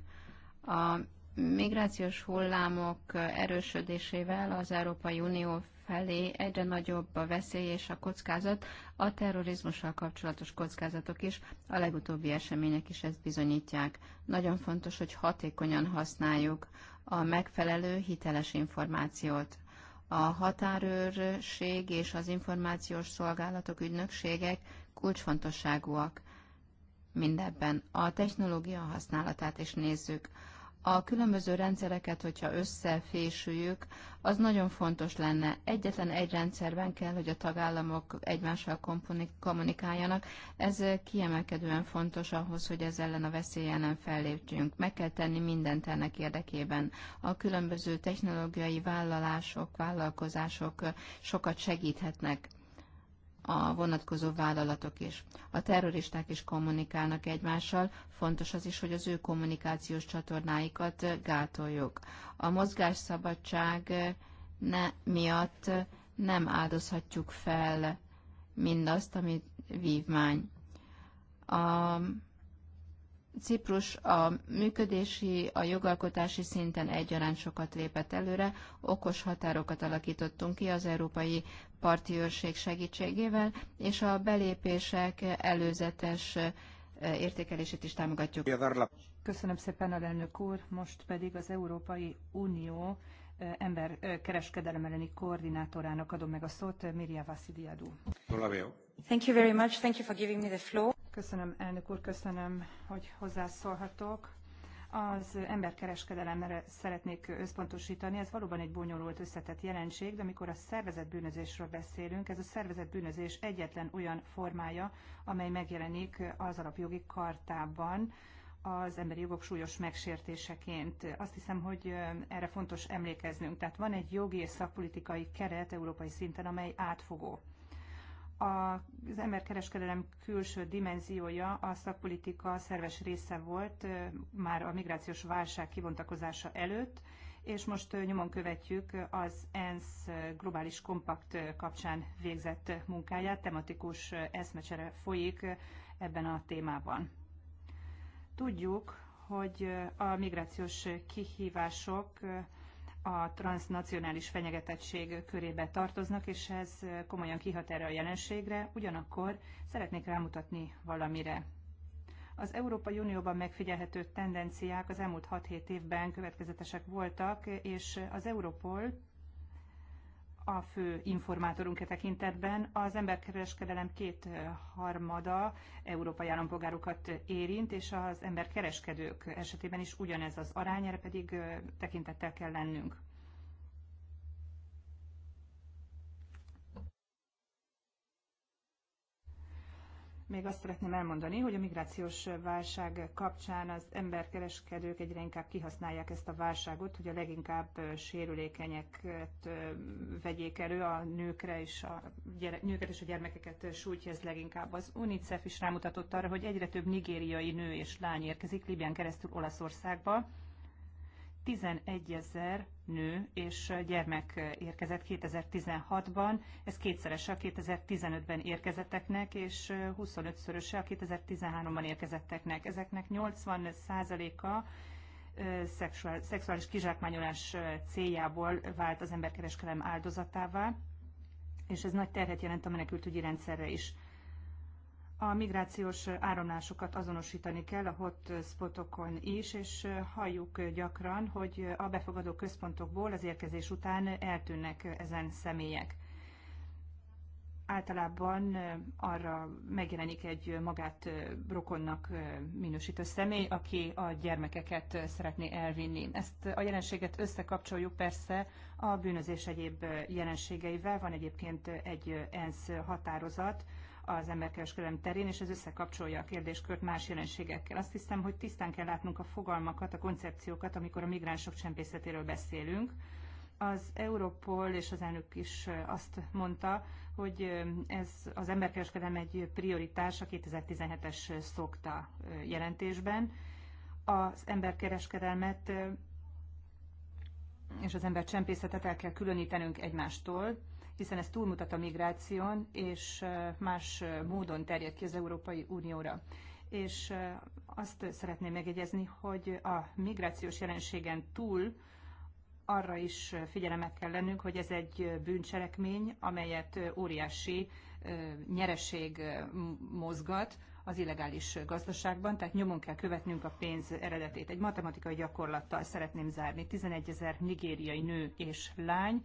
A migrációs hullámok erősödésével az Európai Unió felé egyre nagyobb a veszély és a kockázat, a terrorizmussal kapcsolatos kockázatok is, a legutóbbi események is ezt bizonyítják. Nagyon fontos, hogy hatékonyan használjuk a megfelelő hiteles információt. A határőrség és az információs szolgálatok ügynökségek kulcsfontosságúak mindebben. A technológia használatát is nézzük a különböző rendszereket, hogyha összefésüljük, az nagyon fontos lenne. Egyetlen egy rendszerben kell, hogy a tagállamok egymással kommunikáljanak. Ez kiemelkedően fontos ahhoz, hogy ez ellen a veszély ellen fellépjünk. Meg kell tenni mindent ennek érdekében. A különböző technológiai vállalások, vállalkozások sokat segíthetnek a vonatkozó vállalatok is. A terroristák is kommunikálnak egymással, fontos az is, hogy az ő kommunikációs csatornáikat gátoljuk. A mozgásszabadság eh, ne, miatt eh, nem áldozhatjuk fel mindazt, amit vívmány. A Ciprus a működési, a jogalkotási szinten egyaránt sokat lépett előre, okos határokat alakítottunk ki az Európai Parti Őrség segítségével, és a belépések előzetes eh, értékelését is támogatjuk. Köszönöm szépen, elnök úr. Most pedig az Európai Unió eh, emberkereskedelem eh, elleni koordinátorának adom meg a szót, Mirja Vassiliadou. Thank you very much. Thank you for giving me the floor. Köszönöm, elnök úr, köszönöm, hogy hozzászólhatok. Az emberkereskedelemre szeretnék összpontosítani. Ez valóban egy bonyolult összetett jelenség, de amikor a szervezett bűnözésről beszélünk, ez a szervezett bűnözés egyetlen olyan formája, amely megjelenik az alapjogi kartában, az emberi jogok súlyos megsértéseként. Azt hiszem, hogy erre fontos emlékeznünk. Tehát van egy jogi és szakpolitikai keret európai szinten, amely átfogó az emberkereskedelem külső dimenziója a szakpolitika szerves része volt már a migrációs válság kivontakozása előtt, és most nyomon követjük az ENSZ globális kompakt kapcsán végzett munkáját, tematikus eszmecsere folyik ebben a témában. Tudjuk, hogy a migrációs kihívások a transnacionális fenyegetettség körébe tartoznak, és ez komolyan kihat erre a jelenségre, ugyanakkor szeretnék rámutatni valamire. Az Európai Unióban megfigyelhető tendenciák az elmúlt 6-7 évben következetesek voltak, és az Europol a fő informátorunk e tekintetben. Az emberkereskedelem két harmada európai állampolgárokat érint, és az emberkereskedők esetében is ugyanez az arány, erre pedig tekintettel kell lennünk. Még azt szeretném elmondani, hogy a migrációs válság kapcsán az emberkereskedők egyre inkább kihasználják ezt a válságot, hogy a leginkább sérülékenyeket vegyék elő, a nőkre és a, gyere, nőket és a gyermekeket sújtja ez leginkább. Az UNICEF is rámutatott arra, hogy egyre több nigériai nő és lány érkezik Libyán keresztül Olaszországba, 11 ezer nő és gyermek érkezett 2016-ban, ez kétszerese a 2015-ben érkezetteknek, és 25-szöröse a 2013-ban érkezetteknek. Ezeknek 80%-a szexuális kizsákmányolás céljából vált az emberkereskedelem áldozatává, és ez nagy terhet jelent a menekültügyi rendszerre is. A migrációs áramlásokat azonosítani kell a hotspotokon is, és halljuk gyakran, hogy a befogadó központokból az érkezés után eltűnnek ezen személyek. Általában arra megjelenik egy magát rokonnak minősítő személy, aki a gyermekeket szeretné elvinni. Ezt a jelenséget összekapcsoljuk persze a bűnözés egyéb jelenségeivel. Van egyébként egy ENSZ határozat, az emberkereskedelem terén, és ez összekapcsolja a kérdéskört más jelenségekkel. Azt hiszem, hogy tisztán kell látnunk a fogalmakat, a koncepciókat, amikor a migránsok csempészetéről beszélünk. Az Európol és az elnök is azt mondta, hogy ez az emberkereskedelem egy prioritás a 2017-es szokta jelentésben. Az emberkereskedelmet és az csempészetet el kell különítenünk egymástól hiszen ez túlmutat a migráción, és más módon terjed ki az Európai Unióra. És azt szeretném megjegyezni, hogy a migrációs jelenségen túl arra is figyelemek kell lennünk, hogy ez egy bűncselekmény, amelyet óriási nyereség mozgat az illegális gazdaságban, tehát nyomon kell követnünk a pénz eredetét. Egy matematikai gyakorlattal szeretném zárni. 11 ezer nigériai nő és lány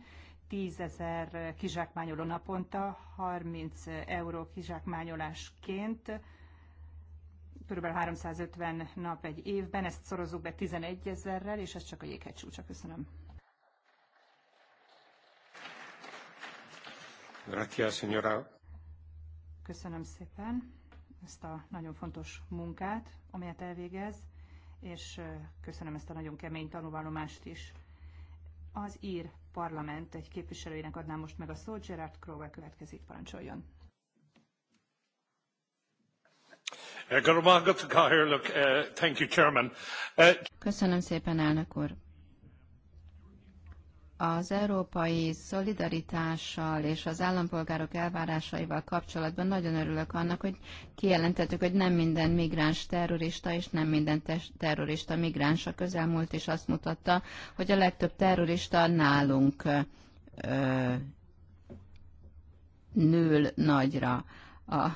tízezer kizsákmányoló naponta, 30 euró kizsákmányolásként, kb. 350 nap egy évben, ezt szorozzuk be 11 ezerrel, és ez csak a jéghegy csúcsa. Köszönöm. Köszönöm szépen ezt a nagyon fontos munkát, amelyet elvégez, és köszönöm ezt a nagyon kemény tanulvallomást is. Az ír Parlament egy képviselőjének adnám most meg a szót, Gerard Crowe következik, parancsoljon. Eh, eh, eh, Köszönöm szépen, elnök úr az európai szolidaritással és az állampolgárok elvárásaival kapcsolatban nagyon örülök annak, hogy kijelentettük, hogy nem minden migráns terrorista és nem minden terrorista migráns a közelmúlt, és azt mutatta, hogy a legtöbb terrorista nálunk ö, nől nagyra. A,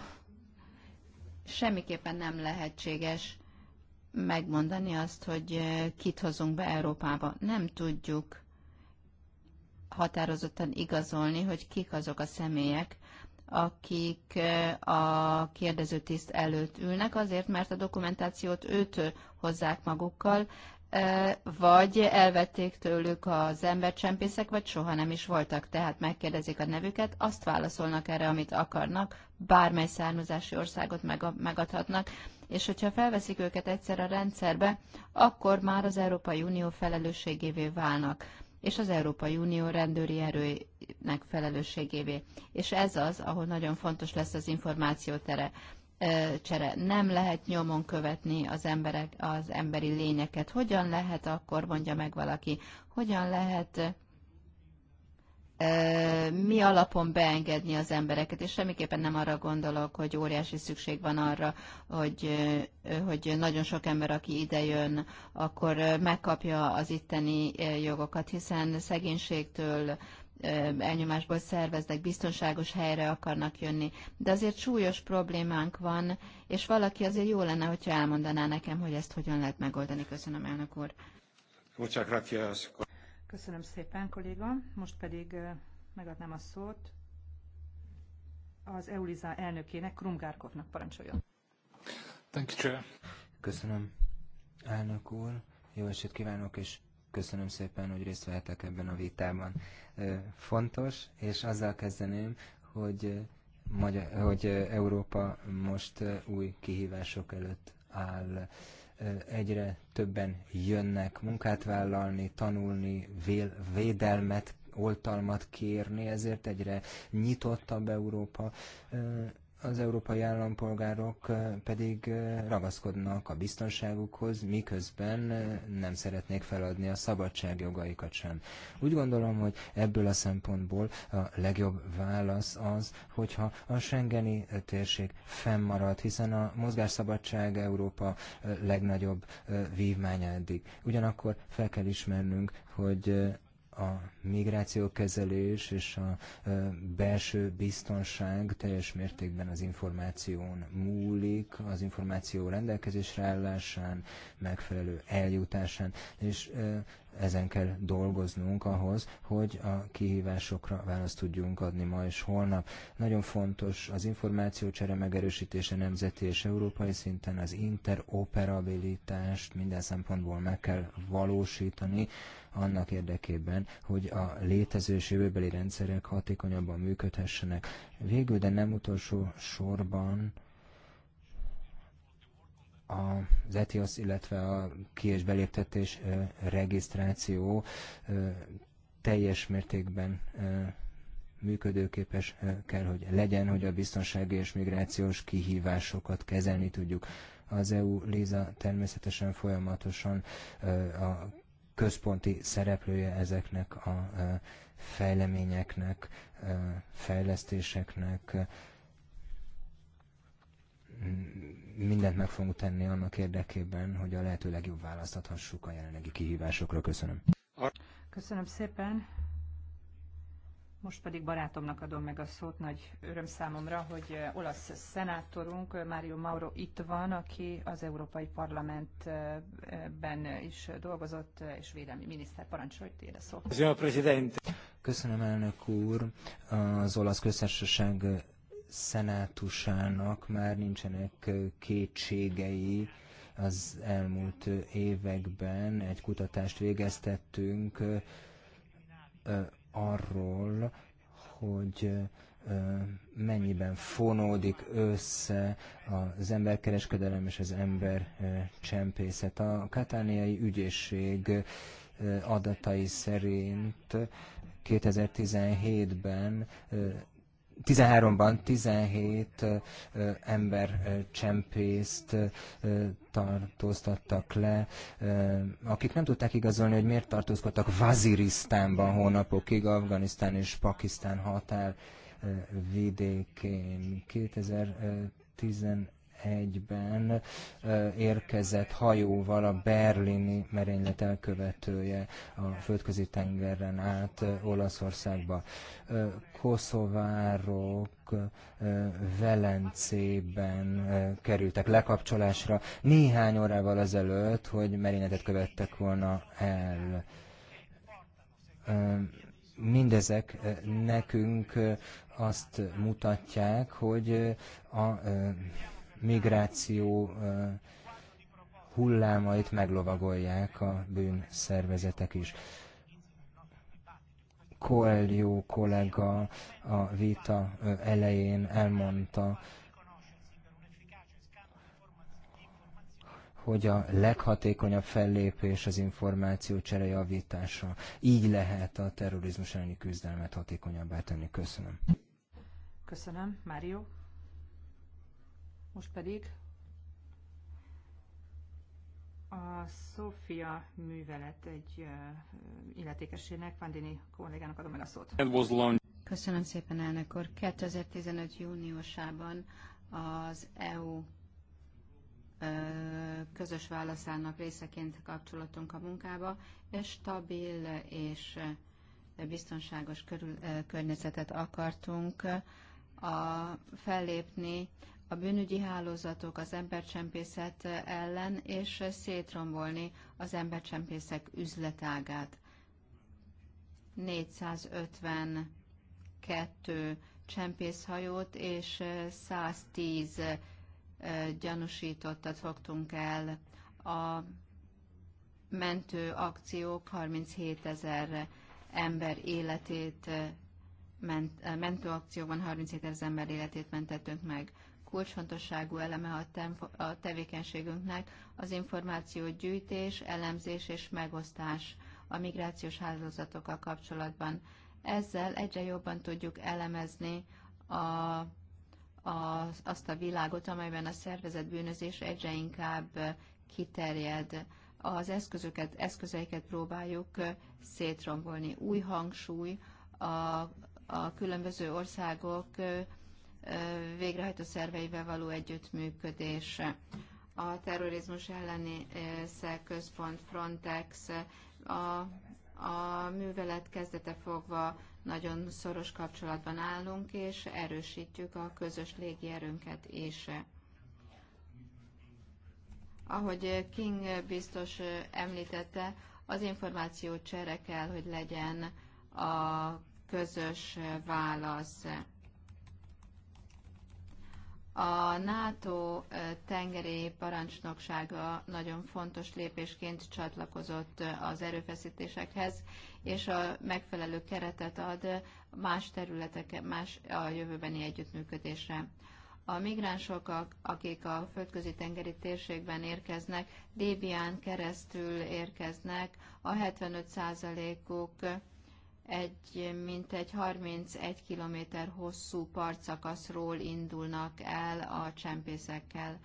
semmiképpen nem lehetséges megmondani azt, hogy kit hozunk be Európába. Nem tudjuk határozottan igazolni, hogy kik azok a személyek, akik a kérdezőtiszt előtt ülnek, azért, mert a dokumentációt őt hozzák magukkal, vagy elvették tőlük az embercsempészek, vagy soha nem is voltak, tehát megkérdezik a nevüket, azt válaszolnak erre, amit akarnak, bármely származási országot megadhatnak, és hogyha felveszik őket egyszer a rendszerbe, akkor már az Európai Unió felelősségévé válnak és az Európai Unió rendőri erőinek felelősségévé. És ez az, ahol nagyon fontos lesz az információtere csere. Nem lehet nyomon követni az, emberek, az emberi lényeket. Hogyan lehet akkor, mondja meg valaki, hogyan lehet mi alapon beengedni az embereket, és semmiképpen nem arra gondolok, hogy óriási szükség van arra, hogy, hogy nagyon sok ember, aki idejön, akkor megkapja az itteni jogokat, hiszen szegénységtől, elnyomásból szerveznek, biztonságos helyre akarnak jönni. De azért súlyos problémánk van, és valaki azért jó lenne, hogyha elmondaná nekem, hogy ezt hogyan lehet megoldani. Köszönöm, elnök úr. Muchas gracias. Köszönöm szépen, kolléga. Most pedig megadnám a szót az EULIZA elnökének, Krumgárkovnak parancsoljon. Thank you, Chair. Köszönöm, elnök úr. Jó esét kívánok, és köszönöm szépen, hogy részt vehetek ebben a vitában. Fontos, és azzal kezdeném, hogy, magyar, hogy Európa most új kihívások előtt áll egyre többen jönnek munkát vállalni, tanulni, védelmet, oltalmat kérni, ezért egyre nyitottabb Európa, az európai állampolgárok pedig ragaszkodnak a biztonságukhoz, miközben nem szeretnék feladni a szabadságjogaikat sem. Úgy gondolom, hogy ebből a szempontból a legjobb válasz az, hogyha a Schengeni térség fennmarad, hiszen a mozgásszabadság Európa legnagyobb vívmánya eddig. Ugyanakkor fel kell ismernünk, hogy a migrációkezelés és a belső biztonság teljes mértékben az információn múlik, az információ rendelkezésre állásán, megfelelő eljutásán, és ezen kell dolgoznunk ahhoz, hogy a kihívásokra választ tudjunk adni ma és holnap. Nagyon fontos az információcsere megerősítése nemzeti és európai szinten, az interoperabilitást minden szempontból meg kell valósítani, annak érdekében, hogy a létező és jövőbeli rendszerek hatékonyabban működhessenek. Végül, de nem utolsó sorban az ETIAS, illetve a ki- és beléptetés regisztráció teljes mértékben működőképes kell, hogy legyen, hogy a biztonsági és migrációs kihívásokat kezelni tudjuk. Az EU Liza természetesen folyamatosan a központi szereplője ezeknek a e, fejleményeknek, e, fejlesztéseknek. Mindent meg fogunk tenni annak érdekében, hogy a lehető legjobb választathassuk a jelenlegi kihívásokra. Köszönöm. Köszönöm szépen. Most pedig barátomnak adom meg a szót, nagy öröm számomra, hogy eh, olasz szenátorunk eh, Mário Mauro itt van, aki az Európai Parlamentben eh, is dolgozott, és védelmi miniszter. Parancsolj, tiéd a szó. Köszönöm, elnök úr. Az olasz köztársaság szenátusának már nincsenek kétségei, az elmúlt években egy kutatást végeztettünk arról, hogy mennyiben fonódik össze az emberkereskedelem és az ember csempészet. A katániai ügyészség adatai szerint 2017-ben 13-ban 17 ember csempészt tartóztattak le, akik nem tudták igazolni, hogy miért tartózkodtak Vazirisztánban hónapokig, Afganisztán és Pakisztán határ vidékén. 2010 1941 ben érkezett hajóval a berlini merénylet elkövetője a földközi tengeren át Olaszországba. Koszovárok Velencében kerültek lekapcsolásra néhány órával azelőtt, hogy merényletet követtek volna el mindezek nekünk azt mutatják, hogy a migráció hullámait meglovagolják a szervezetek is. jó kollega a vita elején elmondta, hogy a leghatékonyabb fellépés az információ csere javítása. Így lehet a terrorizmus elleni küzdelmet hatékonyabbá tenni. Köszönöm. Köszönöm. Mário? Most pedig a Sofia művelet egy illetékesének, Pandini kollégának adom meg a szót. Köszönöm szépen, elnök úr. 2015. júniusában az EU közös válaszának részeként kapcsolatunk a munkába, és stabil és biztonságos körül, környezetet akartunk a, fellépni a bűnügyi hálózatok, az embercsempészet ellen, és szétrombolni az embercsempészek üzletágát. 452 csempészhajót és 110 gyanúsítottat fogtunk el. A mentő akciók 37 ezer ember életét ment, mentőakcióban 37 ezer ember életét mentettünk meg kulcsfontosságú eleme a tevékenységünknek az információ gyűjtés, elemzés és megosztás a migrációs hálózatokkal kapcsolatban. Ezzel egyre jobban tudjuk elemezni a, a, azt a világot, amelyben a szervezet bűnözés egyre inkább kiterjed. Az eszközöket, eszközeiket próbáljuk szétrombolni. Új hangsúly a, a különböző országok végrehajtó szerveivel való együttműködés. A terrorizmus elleni központ Frontex a, a művelet kezdete fogva nagyon szoros kapcsolatban állunk, és erősítjük a közös légierőnket is. Ahogy King biztos említette, az információ csere kell, hogy legyen a közös válasz. A NATO tengeri parancsnoksága nagyon fontos lépésként csatlakozott az erőfeszítésekhez, és a megfelelő keretet ad más területeken, más a jövőbeni együttműködésre. A migránsok, akik a földközi tengeri térségben érkeznek, Débián keresztül érkeznek, a 75 százalékuk egy mintegy 31 km hosszú partszakaszról indulnak el a csempészekkel.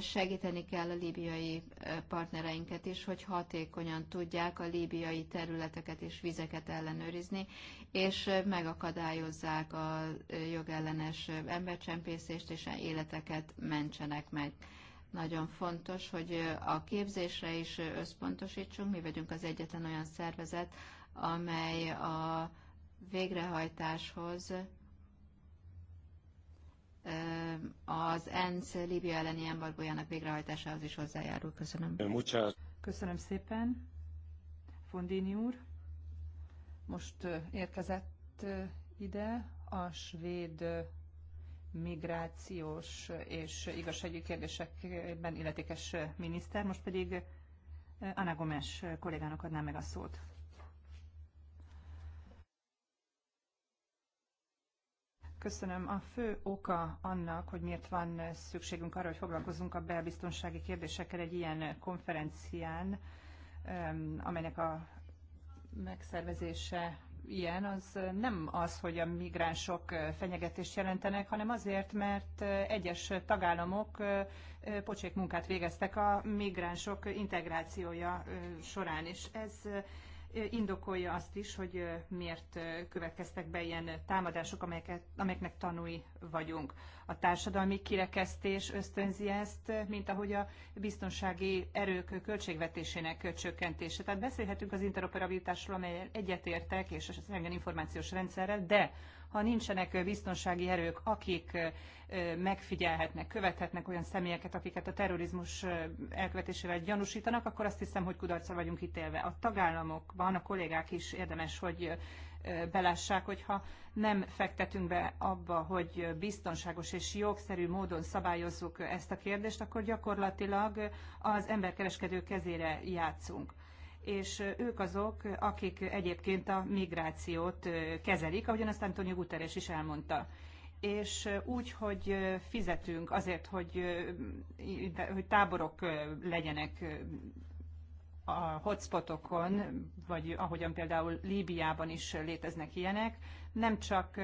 Segíteni kell a líbiai partnereinket is, hogy hatékonyan tudják a líbiai területeket és vizeket ellenőrizni, és megakadályozzák a jogellenes embercsempészést, és életeket mentsenek meg nagyon fontos, hogy a képzésre is összpontosítsunk. Mi vagyunk az egyetlen olyan szervezet, amely a végrehajtáshoz az ENSZ Líbia elleni embargójának végrehajtásához is hozzájárul. Köszönöm. Köszönöm szépen. Fondini úr, most érkezett ide a svéd migrációs és igazságügyi kérdésekben illetékes miniszter, most pedig Anna Gomes kollégának adnám meg a szót. Köszönöm. A fő oka annak, hogy miért van szükségünk arra, hogy foglalkozunk a belbiztonsági kérdésekkel egy ilyen konferencián, amelynek a megszervezése ilyen, az nem az, hogy a migránsok fenyegetést jelentenek, hanem azért, mert egyes tagállamok pocsék munkát végeztek a migránsok integrációja során, és ez indokolja azt is, hogy miért következtek be ilyen támadások, amelyeket, amelyeknek tanúi vagyunk. A társadalmi kirekesztés ösztönzi ezt, mint ahogy a biztonsági erők költségvetésének csökkentése. Tehát beszélhetünk az interoperabilitásról, amelyel egyetértek, és az engem információs rendszerrel, de ha nincsenek biztonsági erők, akik megfigyelhetnek, követhetnek olyan személyeket, akiket a terrorizmus elkövetésével gyanúsítanak, akkor azt hiszem, hogy kudarca vagyunk ítélve. A tagállamokban a kollégák is érdemes, hogy belássák, hogyha nem fektetünk be abba, hogy biztonságos és jogszerű módon szabályozzuk ezt a kérdést, akkor gyakorlatilag az emberkereskedő kezére játszunk és ők azok, akik egyébként a migrációt kezelik, ahogyan azt Antonio Guterres is elmondta. És úgy, hogy fizetünk azért, hogy, hogy táborok legyenek a hotspotokon, vagy ahogyan például Líbiában is léteznek ilyenek, nem csak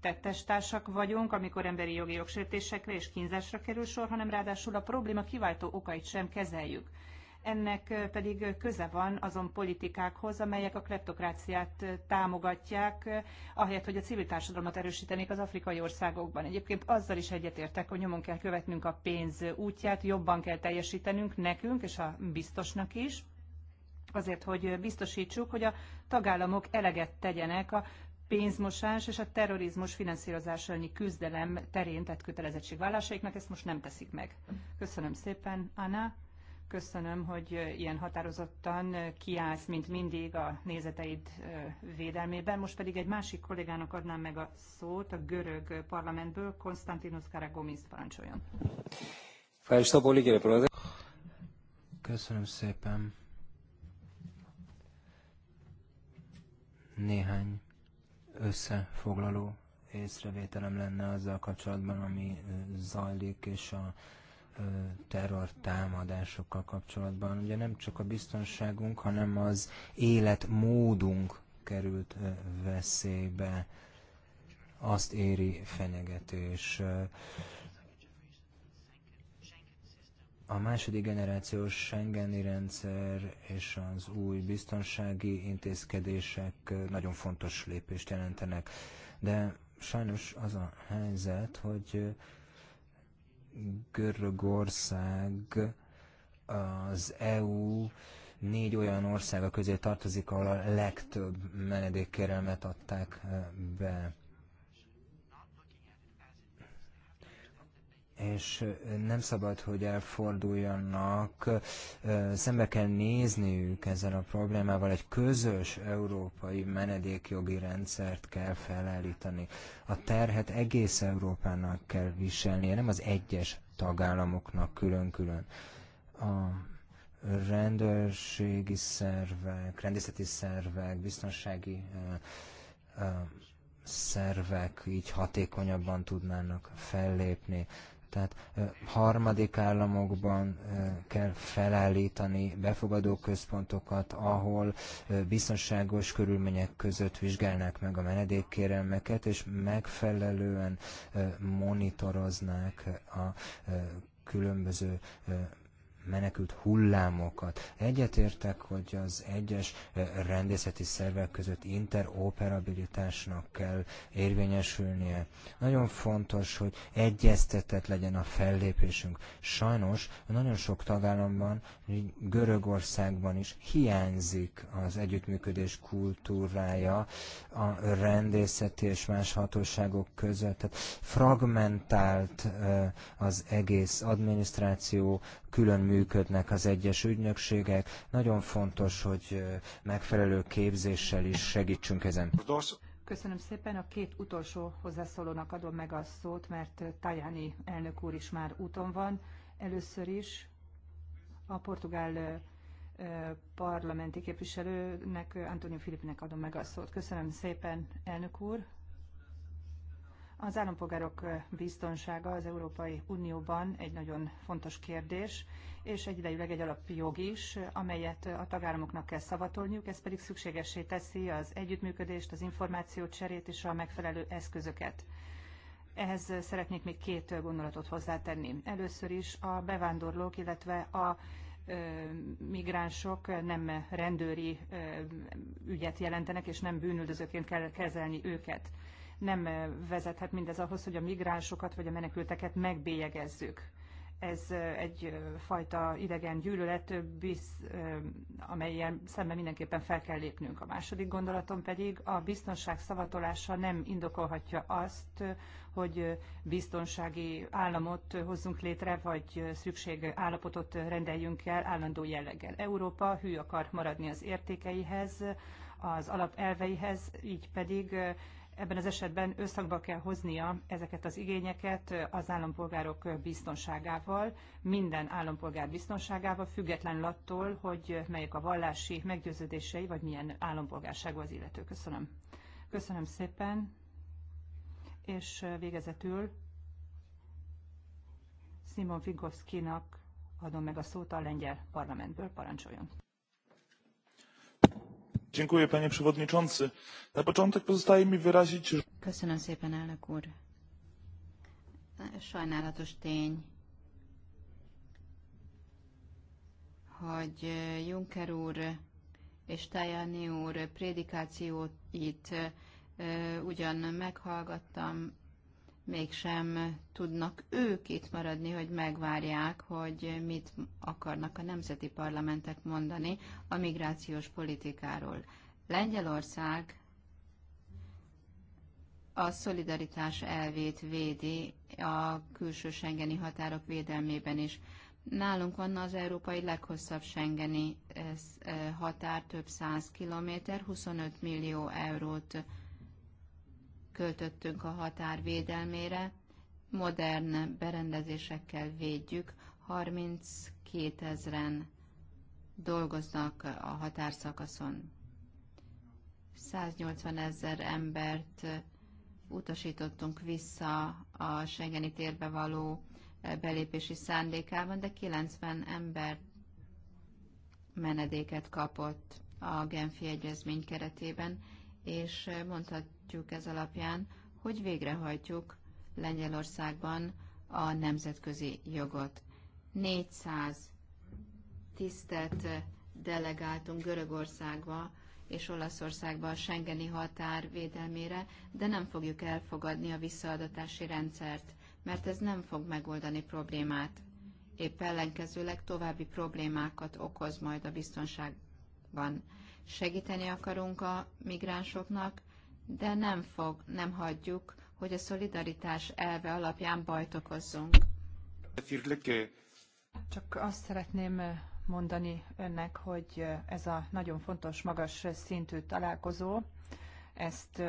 tettestársak vagyunk, amikor emberi jogi jogsértésekre és kínzásra kerül sor, hanem ráadásul a probléma kiváltó okait sem kezeljük ennek pedig köze van azon politikákhoz, amelyek a kleptokráciát támogatják, ahelyett, hogy a civil társadalmat erősítenék az afrikai országokban. Egyébként azzal is egyetértek, hogy nyomon kell követnünk a pénz útját, jobban kell teljesítenünk nekünk és a biztosnak is, azért, hogy biztosítsuk, hogy a tagállamok eleget tegyenek a pénzmosás és a terrorizmus finanszírozás elleni küzdelem terén tett kötelezettségvállásaiknak, ezt most nem teszik meg. Köszönöm szépen, Anna. Köszönöm, hogy ilyen határozottan kiállsz, mint mindig a nézeteid védelmében. Most pedig egy másik kollégának adnám meg a szót, a görög parlamentből, Konstantinos Karagomis parancsoljon. Köszönöm szépen. Néhány összefoglaló észrevételem lenne azzal kapcsolatban, ami zajlik, és a terrortámadásokkal kapcsolatban. Ugye nem csak a biztonságunk, hanem az életmódunk került veszélybe. Azt éri fenyegetés. A második generációs Schengeni rendszer és az új biztonsági intézkedések nagyon fontos lépést jelentenek. De sajnos az a helyzet, hogy Görögország az EU négy olyan országa közé tartozik, ahol a legtöbb menedékkérelmet adták eh, be. és nem szabad, hogy elforduljanak, szembe kell nézniük ezzel a problémával, egy közös európai menedékjogi rendszert kell felállítani. A terhet egész Európának kell viselnie, nem az egyes tagállamoknak külön-külön. A rendőrségi szervek, rendészeti szervek, biztonsági szervek így hatékonyabban tudnának fellépni. Tehát harmadik államokban kell felállítani befogadó központokat, ahol biztonságos körülmények között vizsgálnák meg a menedékkérelmeket, és megfelelően monitoroznák a különböző menekült hullámokat. Egyetértek, hogy az egyes eh, rendészeti szervek között interoperabilitásnak kell érvényesülnie. Nagyon fontos, hogy egyeztetett legyen a fellépésünk. Sajnos nagyon sok tagállamban, Görögországban is hiányzik az együttműködés kultúrája a rendészeti és más hatóságok között. Tehát fragmentált eh, az egész adminisztráció, külön működnek az egyes ügynökségek. Nagyon fontos, hogy megfelelő képzéssel is segítsünk ezen. Köszönöm szépen. A két utolsó hozzászólónak adom meg a szót, mert Tajani elnök úr is már úton van. Először is a portugál parlamenti képviselőnek, Antonio Filipnek adom meg a szót. Köszönöm szépen, elnök úr. Az állampolgárok biztonsága az Európai Unióban egy nagyon fontos kérdés, és egyidejűleg egy alapjog is, amelyet a tagállamoknak kell szavatolniuk, ez pedig szükségessé teszi az együttműködést, az információcserét és a megfelelő eszközöket. Ehhez szeretnék még két gondolatot hozzátenni. Először is a bevándorlók, illetve a migránsok nem rendőri ügyet jelentenek, és nem bűnüldözőként kell kezelni őket nem eh, vezethet mindez ahhoz, hogy a migránsokat vagy a menekülteket megbélyegezzük. Ez eh, egyfajta eh, idegen gyűlölet, biz amelyen szemben mindenképpen fel kell lépnünk. A második gondolatom pedig a biztonság szavatolása nem indokolhatja azt, hogy biztonsági államot hozzunk létre, vagy szükség állapotot rendeljünk el állandó jelleggel. Európa hű akar maradni az értékeihez, az alapelveihez, így pedig ebben az esetben összhangba kell hoznia ezeket az igényeket az állampolgárok biztonságával, minden állampolgár biztonságával, függetlenül attól, hogy melyek a vallási meggyőződései, vagy milyen állampolgárságú az illető. Köszönöm. Köszönöm szépen, és végezetül Simon Figovszkinak adom meg a szót a lengyel parlamentből, parancsoljon. Dziękuję, panie przewodniczący. Na początek pozostaje mi wyrazić... Köszönöm szépen, elnök úr. Sajnálatos tény, hogy Juncker úr és Tajani úr prédikációit eh, ugyan meghallgattam, mégsem tudnak ők itt maradni, hogy megvárják, hogy mit akarnak a nemzeti parlamentek mondani a migrációs politikáról. Lengyelország a szolidaritás elvét védi a külső Schengeni határok védelmében is. Nálunk van az európai leghosszabb Schengeni eh, eh, határ, több száz kilométer, 25 millió eurót költöttünk a határ védelmére, modern berendezésekkel védjük, 32 ezeren dolgoznak a határszakaszon. 180 ezer embert utasítottunk vissza a Schengeni térbe való eh, belépési szándékában, de 90 ember menedéket kapott a Genfi Egyezmény keretében és eh, mondhatjuk ez alapján, hogy végrehajtjuk Lengyelországban a nemzetközi jogot. 400 tisztet eh, delegáltunk Görögországba és Olaszországba a Schengeni határ védelmére, de nem fogjuk elfogadni a visszaadatási rendszert, mert ez nem fog megoldani problémát. Épp ellenkezőleg további problémákat okoz majd a biztonságban segíteni akarunk a migránsoknak, de nem fog, nem hagyjuk, hogy a szolidaritás elve alapján bajt okozzunk. Csak azt szeretném mondani önnek, hogy ez a nagyon fontos, magas szintű találkozó, ezt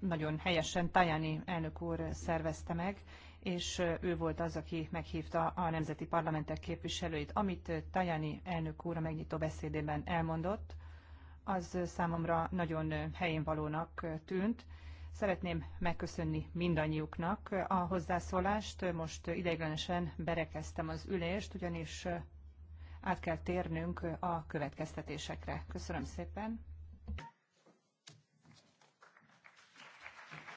nagyon helyesen Tajani elnök úr szervezte meg, és ő volt az, aki meghívta a nemzeti parlamentek képviselőit. Amit Tajani elnök úr a megnyitó beszédében elmondott, az számomra nagyon helyén valónak tűnt. Szeretném megköszönni mindannyiuknak a hozzászólást. Most ideiglenesen berekeztem az ülést, ugyanis át kell térnünk a következtetésekre. Köszönöm szépen!